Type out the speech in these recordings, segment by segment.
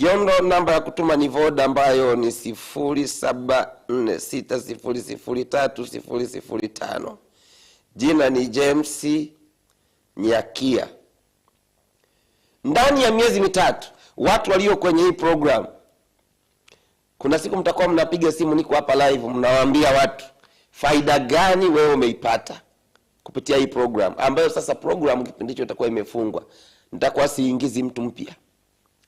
Kiondo namba ya kutuma ni Voda ambayo ni 0746003005. Jina ni James Nyakia. Ndani ya miezi mitatu watu walio kwenye hii program, kuna siku mtakuwa mnapiga simu, niko hapa live, mnawaambia watu faida gani wewe umeipata kupitia hii program, ambayo sasa program kipindi hicho itakuwa imefungwa. Nitakuwa siingizi mtu mpya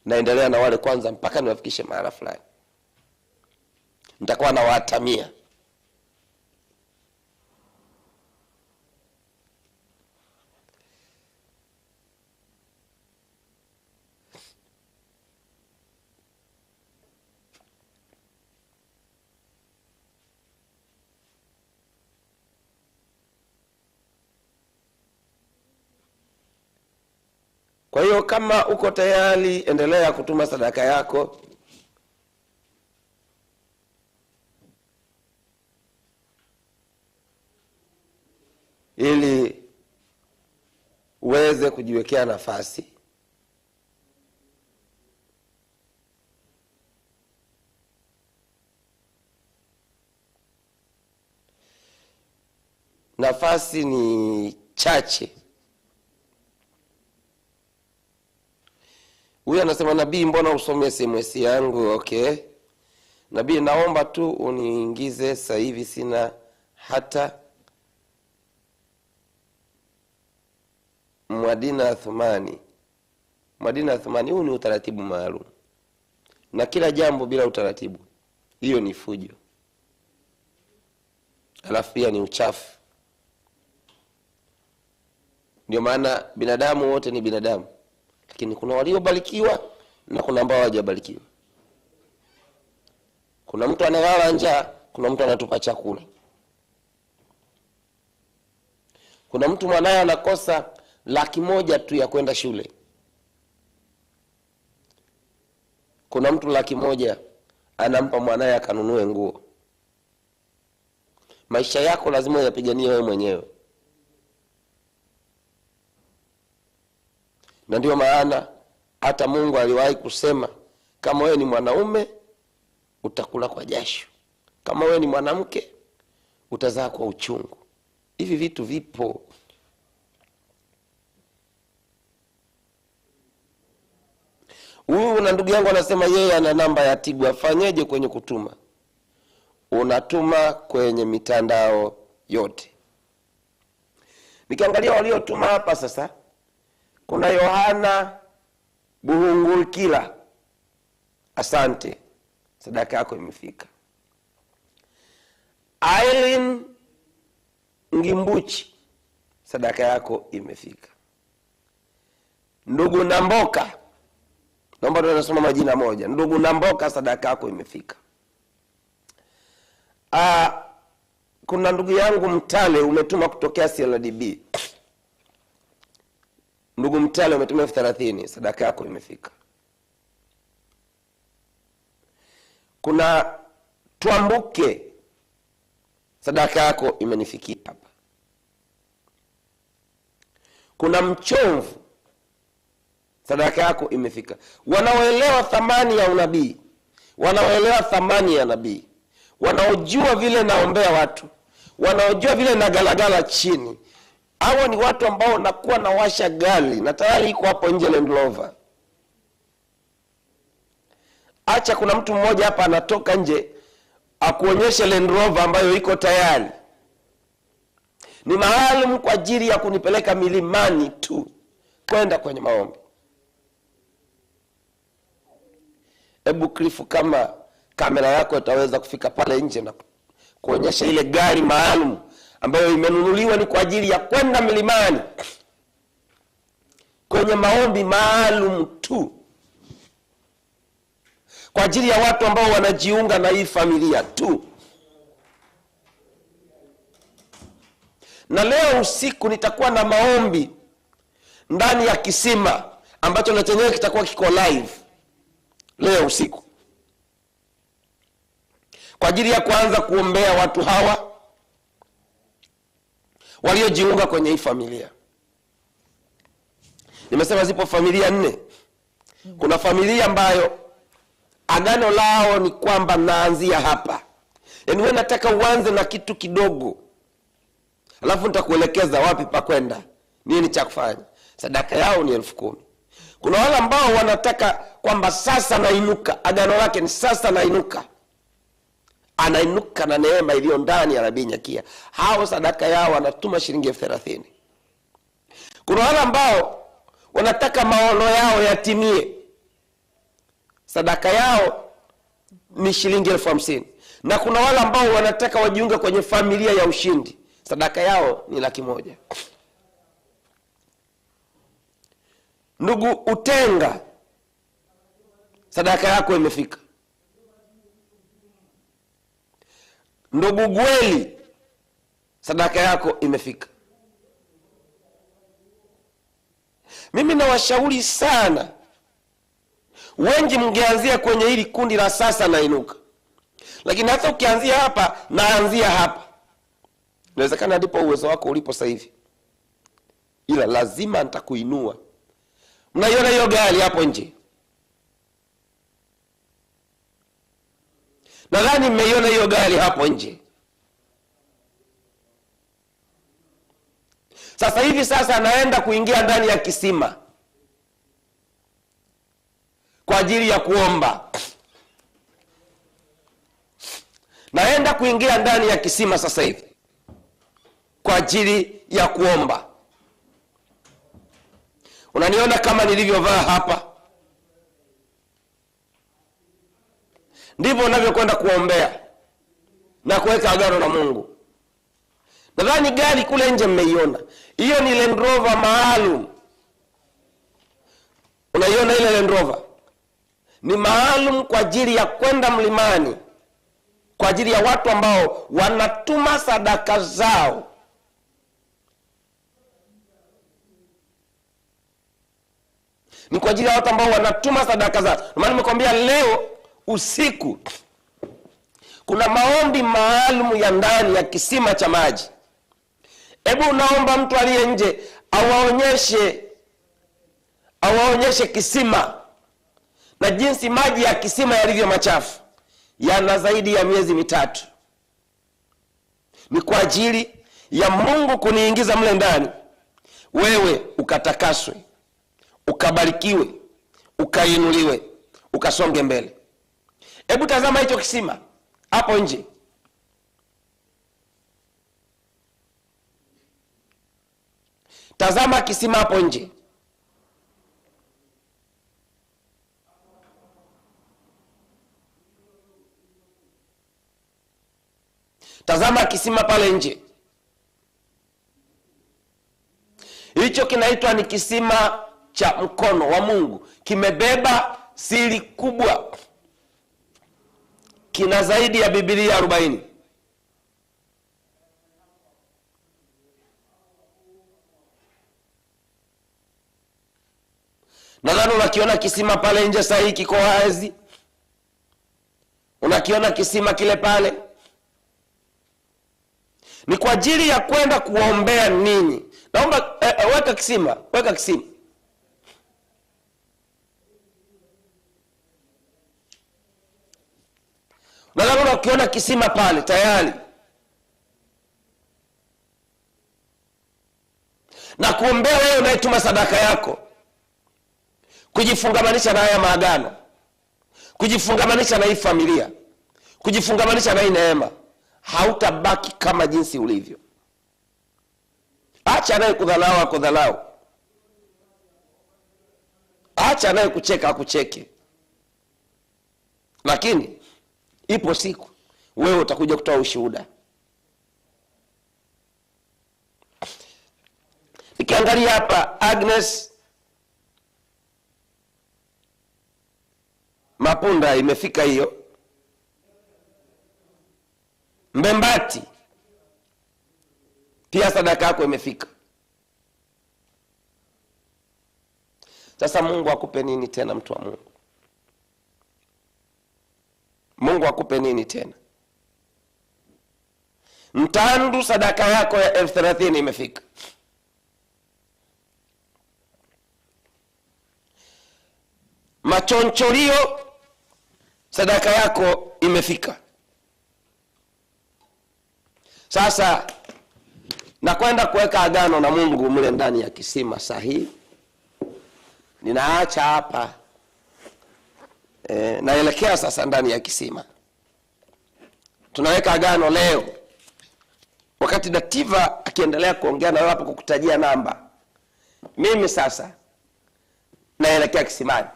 naendelea na wale kwanza mpaka niwafikishe mahala fulani, nitakuwa nawatamia Kwa hiyo kama uko tayari, endelea kutuma sadaka yako. ili uweze kujiwekea nafasi nafasi ni chache Huyu anasema nabii, mbona usome SMS yangu? Okay, nabii, naomba tu uniingize sahivi hivi, sina hata Mwadina Athumani. Mwadina Athumani, huu ni utaratibu maalum, na kila jambo bila utaratibu, hiyo ni fujo, alafu pia ni uchafu. Ndio maana binadamu wote ni binadamu maskini, kuna waliobarikiwa na kuna ambao hawajabarikiwa. Kuna mtu analala njaa, kuna mtu anatupa chakula, kuna mtu mwanaye anakosa laki moja tu ya kwenda shule, kuna mtu laki moja anampa mwanaye akanunue nguo. Maisha yako lazima yapiganie wewe mwenyewe. na ndiyo maana hata Mungu aliwahi kusema kama wewe ni mwanaume utakula kwa jasho, kama wewe ni mwanamke utazaa kwa uchungu. Hivi vitu vipo. Huyu na ndugu yangu anasema yeye ana namba ya Tigo, afanyeje kwenye kutuma? Unatuma kwenye mitandao yote. Nikiangalia waliotuma hapa sasa kuna Yohana Buhungulkila, asante, sadaka yako imefika. ailin Ngimbuchi, sadaka yako imefika. Ndugu Namboka, naomba tunasoma majina moja. Ndugu Namboka, sadaka yako imefika. Aa, ah, kuna ndugu yangu Mtale umetuma kutokea CLDB Ndugu Mtale, umetumia elfu thelathini, sadaka yako imefika. Kuna Twambuke, sadaka yako imenifikia hapa. Kuna Mchomvu, sadaka yako imefika. Wanaoelewa thamani ya unabii, wanaoelewa thamani ya nabii, wanaojua vile naombea watu, wanaojua vile na chini hawa ni watu ambao nakuwa nawasha gari na tayari iko hapo nje Land Rover. Acha kuna mtu mmoja hapa anatoka nje akuonyeshe Land Rover ambayo iko tayari, ni maalum kwa ajili ya kunipeleka milimani tu kwenda kwenye maombi. Hebu krifu kama kamera yako itaweza kufika pale nje na kuonyesha ile gari maalum ambayo imenunuliwa ni kwa ajili ya kwenda milimani kwenye maombi maalum tu kwa ajili ya watu ambao wanajiunga na hii familia tu. Na leo usiku nitakuwa na maombi ndani ya kisima ambacho na chenyewe kitakuwa kiko live leo usiku kwa ajili ya kuanza kuombea watu hawa waliojiunga kwenye hii familia. Nimesema zipo familia nne. Kuna familia ambayo agano lao ni kwamba naanzia hapa, yaani we nataka uanze na kitu kidogo, alafu nitakuelekeza wapi pa kwenda, nini cha kufanya. Sadaka yao ni elfu kumi. Kuna wale ambao wanataka kwamba sasa nainuka, agano lake ni sasa nainuka anainuka na neema iliyo ndani ya Nabii Nyakia. Hao sadaka yao wanatuma shilingi elfu thelathini. Kuna wale ambao wanataka maono yao yatimie, sadaka yao ni shilingi elfu hamsini na kuna wale ambao wanataka wajiunge kwenye familia ya ushindi, sadaka yao ni laki moja. Ndugu Utenga, sadaka yako imefika. ndugu Gweli, sadaka yako imefika. Mimi nawashauri sana, wengi mngeanzia kwenye hili kundi la sasa nainuka, lakini hata ukianzia hapa, naanzia hapa, inawezekana ndipo uwezo wako ulipo sasa hivi, ila lazima ntakuinua Mnaiona hiyo gari hapo nje Nadhani mmeiona hiyo gari hapo nje. Sasa hivi sasa anaenda kuingia ndani ya kisima kwa ajili ya kuomba, naenda kuingia ndani ya kisima sasa hivi kwa ajili ya kuomba. Unaniona kama nilivyovaa hapa ndivyo unavyokwenda kuombea na kuweka agano na Mungu. Nadhani gari kule nje mmeiona, hiyo ni Land Rover maalum. Unaiona ile Land Rover ni maalum kwa ajili ya kwenda mlimani, kwa ajili ya watu ambao wanatuma sadaka zao ni kwa ajili ya watu ambao wanatuma sadaka zao. Maana nimekwambia leo usiku kuna maombi maalum ya ndani ya kisima cha maji. Hebu unaomba mtu aliye nje awaonyeshe awaonyeshe kisima na jinsi maji ya kisima yalivyo machafu, yana zaidi ya miezi mitatu. Ni kwa ajili ya Mungu kuniingiza mle ndani, wewe ukatakaswe, ukabarikiwe, ukainuliwe, ukasonge mbele. Hebu tazama hicho kisima hapo nje, tazama kisima hapo nje. Tazama kisima pale nje, hicho kinaitwa ni kisima cha mkono wa Mungu, kimebeba siri kubwa kina zaidi ya Biblia arobaini. Nadhani unakiona kisima pale nje sahii hii kiko wazi, unakiona kisima kile pale ni kwa ajili ya kwenda kuombea ninyi. Naomba eh, eh, weka kisima, weka kisima na labda Ukiona kisima pale tayari na kuombea wewe unayetuma sadaka yako, kujifungamanisha na haya maagano, kujifungamanisha na hii familia, kujifungamanisha na hii neema, hautabaki kama jinsi ulivyo. Acha naye kudhalau akudhalau, acha naye kucheka akucheke, lakini ipo siku wewe utakuja kutoa ushuhuda. Nikiangalia hapa Agnes Mapunda imefika hiyo Mbembati pia sadaka yako imefika. Sasa Mungu akupe nini tena, mtu wa Mungu? Mungu akupe nini tena? Mtandu sadaka yako ya elfu thelathini imefika. Machoncholio sadaka yako imefika. Sasa nakwenda kuweka agano na Mungu mle ndani ya kisima sahihi. Ninaacha hapa e, naelekea sasa ndani ya kisima. Tunaweka agano leo, wakati Dativa akiendelea kuongea nawe wewe hapo kukutajia namba, mimi sasa naelekea kisimani.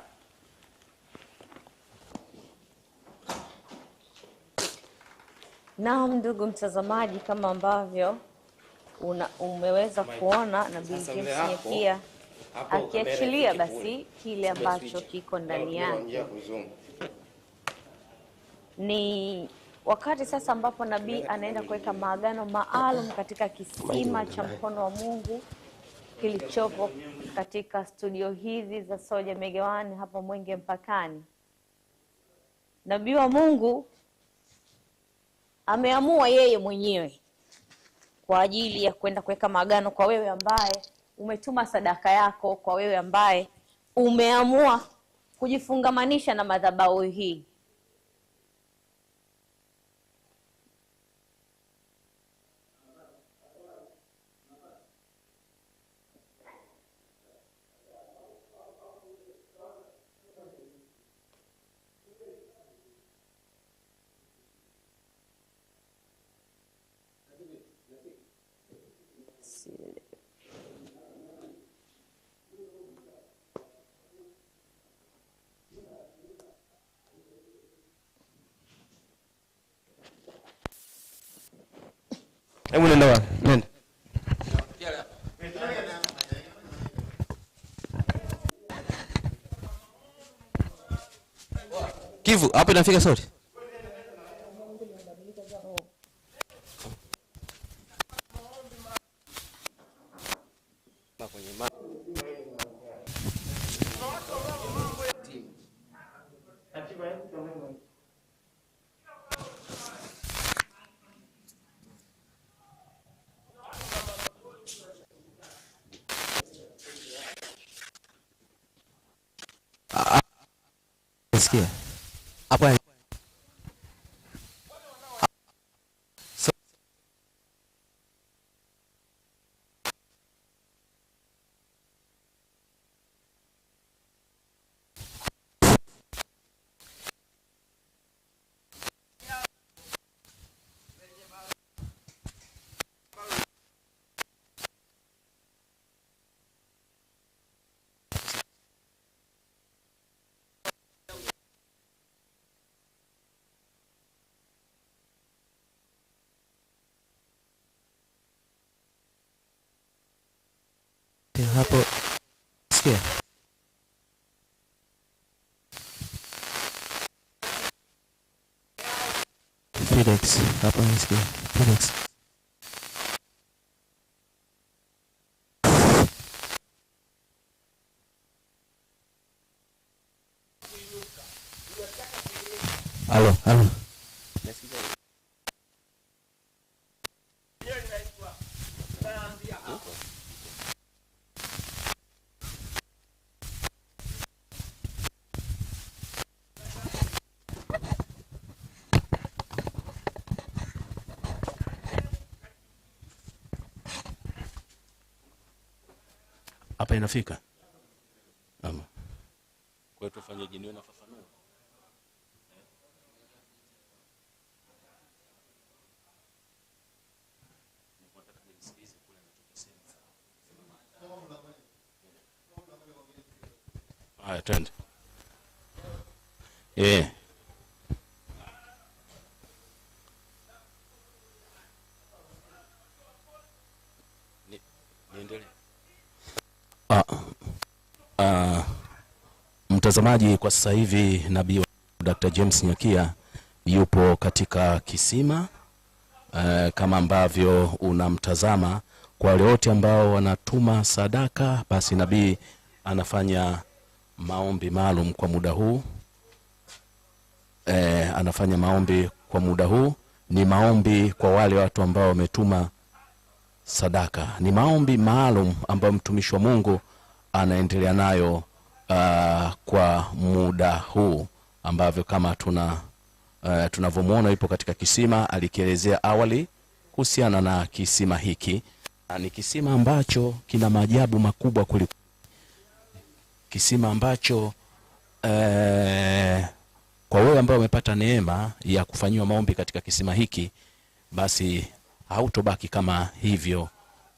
Naam, ndugu mtazamaji, kama ambavyo una umeweza kuona na pia akiachilia basi kile ambacho kiko ndani yake ni wakati sasa ambapo nabii anaenda kuweka maagano maalum katika kisima cha mkono wa Mungu kilichopo katika studio hizi za Soja Megewani hapa Mwenge Mpakani. Nabii wa Mungu ameamua yeye mwenyewe kwa ajili ya kwenda kuweka maagano kwa wewe ambaye umetuma sadaka yako kwa wewe ambaye umeamua kujifungamanisha na madhabahu hii. una andaba. Ven. Kivu, apenas fica sauti. Ah, bueno. Pues, hapo Sikia eh? Felix, apa yang sikia? Felix hapa inafika ama kwa tufanyeje niwe nafafanua haya twende yeah. niendelee Ah, ah, mtazamaji, kwa sasa hivi nabii wa Dr. James Nyakia yupo katika kisima eh, kama ambavyo unamtazama. Kwa wale wote ambao wanatuma sadaka, basi nabii anafanya maombi maalum kwa muda huu eh, anafanya maombi kwa muda huu. Ni maombi kwa wale watu ambao wametuma sadaka. Ni maombi maalum ambayo mtumishi wa Mungu anaendelea nayo uh, kwa muda huu ambavyo kama tuna uh, tunavyomwona ipo katika kisima, alikielezea awali kuhusiana na kisima hiki. Ni kisima ambacho kina maajabu makubwa kuliko kisima ambacho uh, kwa wewe ambao umepata neema ya kufanyiwa maombi katika kisima hiki, basi hautobaki kama hivyo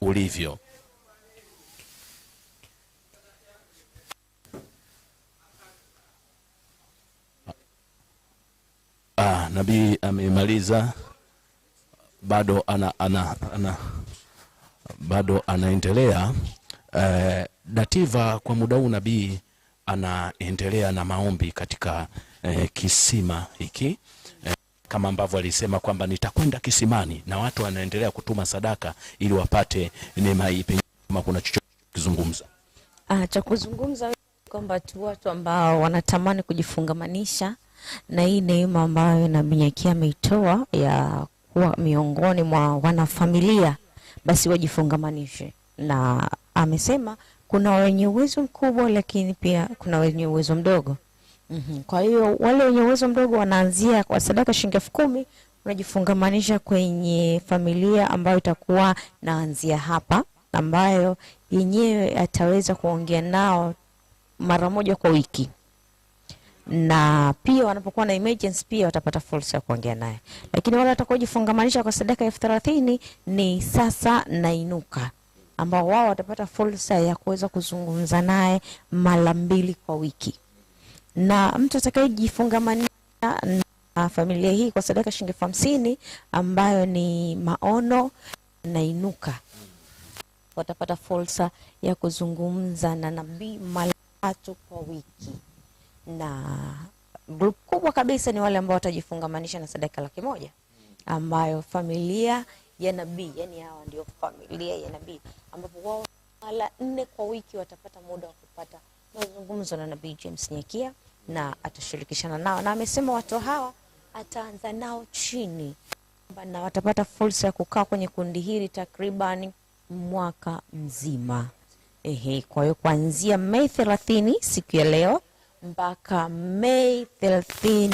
ulivyo. Ah, nabii amemaliza bado ana, ana, ana, bado anaendelea eh, Dativa kwa muda huu nabii anaendelea na maombi katika eh, kisima hiki eh, kama ambavyo alisema kwamba nitakwenda kisimani, na watu wanaendelea kutuma sadaka ili wapate neema hii. Pengine kama kuna chochote kuzungumza, ah, cha kuzungumza kwamba tu watu ambao wanatamani kujifungamanisha na hii neema ambayo Nabii Nyakia ameitoa ya kuwa miongoni mwa wanafamilia, basi wajifungamanishe, na amesema kuna wenye uwezo mkubwa, lakini pia kuna wenye uwezo mdogo. Mm -hmm. Kwa hiyo wale wenye uwezo mdogo wanaanzia kwa sadaka shilingi elfu kumi unajifungamanisha kwenye familia ambayo itakuwa naanzia hapa, ambayo yenyewe ataweza kuongea nao mara moja kwa wiki, na pia wanapokuwa na emergency pia watapata fursa ya kuongea naye. Lakini wale watakaojifungamanisha kwa sadaka elfu thelathini ni sasa nainuka, ambao wao watapata fursa ya kuweza kuzungumza naye mara mbili kwa wiki na mtu atakayejifungamania na familia hii kwa sadaka shilingi elfu hamsini ambayo ni maono na inuka, watapata fursa ya kuzungumza na nabii mara tatu kwa wiki, na grupu kubwa kabisa ni wale ambao watajifungamanisha na sadaka laki moja ambayo familia ya nabii, yani hawa ndio familia ya nabii, ambapo wao mara nne kwa wiki watapata muda wa kupata mazungumzo na nabii James nyekia na atashirikishana nao, na amesema watu hawa ataanza nao chini na watapata fursa ya kukaa kwenye kundi hili takriban mwaka mzima. Ehe, kwa hiyo kuanzia Mei 30 siku ya leo mpaka Mei 30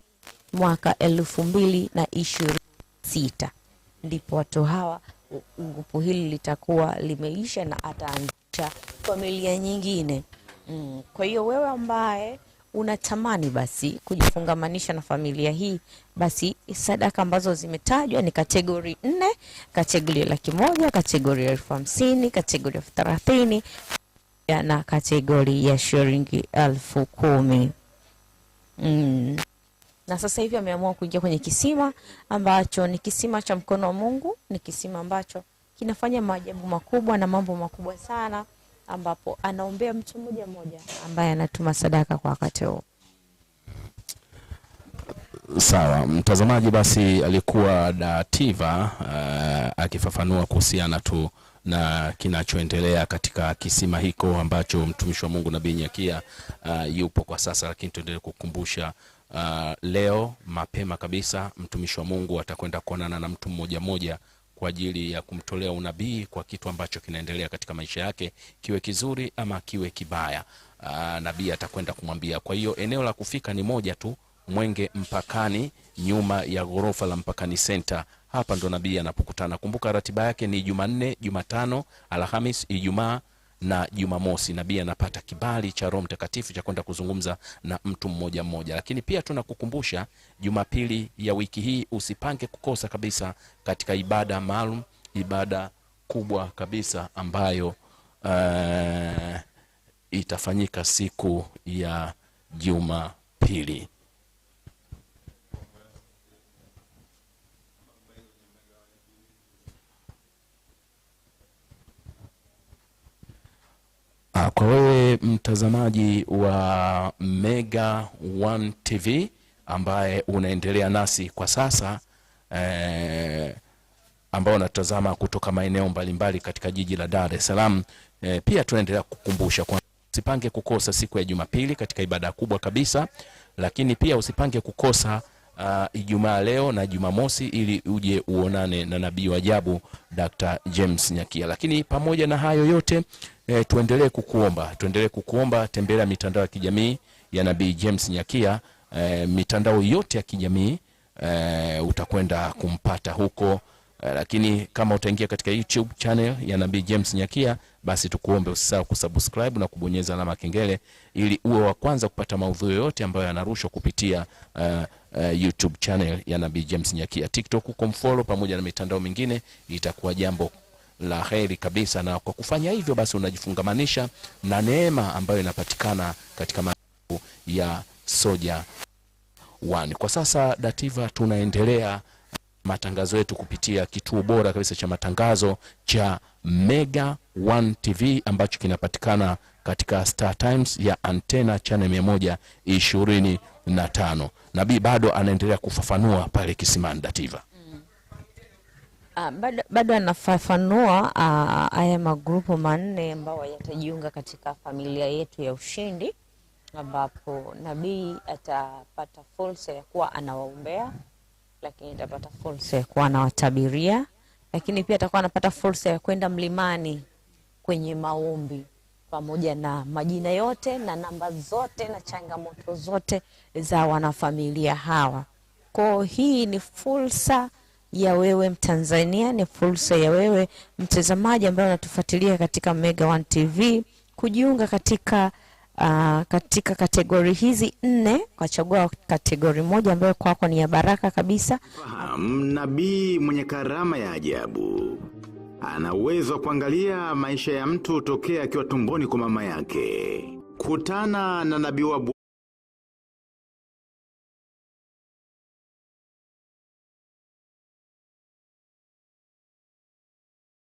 mwaka elfu mbili na ishirini sita ndipo watu hawa ngupu hili litakuwa limeisha na ataanzisha familia nyingine mm. Kwa hiyo wewe ambaye unatamani basi kujifungamanisha na familia hii, basi sadaka ambazo zimetajwa ni kategori nne: kategori laki moja, kategori elfu hamsini, kategori elfu thelathini na kategori ya shilingi elfu kumi. Mm. Na sasa hivi ameamua kuingia kwenye kisima ambacho ni kisima cha mkono wa Mungu, ni kisima ambacho kinafanya maajabu makubwa na mambo makubwa sana ambapo anaombea mtu mmoja mmoja ambaye anatuma sadaka kwa wakati huo. Sawa mtazamaji, basi alikuwa Dativa uh, eh, akifafanua kuhusiana tu na kinachoendelea katika kisima hiko ambacho mtumishi wa Mungu Nabii Nyakia uh, yupo kwa sasa, lakini tuendelee kukumbusha uh, leo mapema kabisa mtumishi wa Mungu atakwenda kuonana na mtu mmoja mmoja kwa ajili ya kumtolea unabii kwa kitu ambacho kinaendelea katika maisha yake, kiwe kizuri ama kiwe kibaya, ah, nabii atakwenda kumwambia. Kwa hiyo eneo la kufika ni moja tu, Mwenge Mpakani, nyuma ya ghorofa la Mpakani Center. Hapa ndo nabii anapokutana. Kumbuka ratiba yake ni Jumanne, Jumatano, Alhamis, Ijumaa na Jumamosi. Nabii anapata kibali cha Roho Mtakatifu cha kwenda kuzungumza na mtu mmoja mmoja, lakini pia tunakukumbusha Jumapili ya wiki hii usipange kukosa kabisa katika ibada maalum, ibada kubwa kabisa ambayo uh, itafanyika siku ya Jumapili. Ah, kwa wewe mtazamaji wa Mega One TV ambaye unaendelea nasi kwa sasa eh, ambao unatazama kutoka maeneo mbalimbali katika jiji la Dar es Salaam eh, pia tunaendelea kukumbusha kwa usipange kukosa siku ya Jumapili katika ibada kubwa kabisa, lakini pia usipange kukosa uh, Ijumaa leo na Jumamosi ili uje uonane na nabii wa ajabu Dr. James Nyakia. Lakini pamoja na hayo yote e, tuendelee kukuomba, tuendelee kukuomba, tembelea mitandao ya kijamii ya Nabii James Nyakia, e, mitandao yote ya kijamii e, utakwenda kumpata huko e, lakini kama utaingia katika YouTube channel ya Nabii James Nyakia, basi tukuombe usisahau kusubscribe na kubonyeza alama kengele ili uwe wa kwanza kupata maudhui yote ambayo yanarushwa kupitia uh, uh, YouTube channel ya Nabii James Nyakia. TikTok uko mfollow pamoja na mitandao mingine, itakuwa jambo la heri kabisa, na kwa kufanya hivyo basi unajifungamanisha na neema ambayo inapatikana katika madhabahu ya Soja One. Kwa sasa Dativa tunaendelea matangazo yetu kupitia kituo bora kabisa cha matangazo cha Mega One TV ambacho kinapatikana katika Star Times ya antena channel mia moja ishirini na tano. Nabii bado anaendelea kufafanua pale Kisimani Dativa. Uh, bado, bado anafafanua uh, haya magrupu manne ambao yatajiunga katika familia yetu ya ushindi, ambapo nabii atapata fursa ya kuwa anawaombea, lakini atapata fursa ya kuwa anawatabiria, lakini pia atakuwa anapata fursa ya kwenda mlimani kwenye maombi pamoja na majina yote na namba zote na changamoto zote za wanafamilia hawa. Kwa hii ni fursa ya wewe Mtanzania, ni fursa ya wewe mtazamaji ambaye unatufuatilia katika Mega One TV kujiunga katika Uh, katika kategori hizi nne kachagua kategori moja ambayo kwako ni ya baraka kabisa. Nabii mwenye karama ya ajabu ana uwezo wa kuangalia maisha ya mtu tokea akiwa tumboni kwa mama yake. Kutana na nabii wa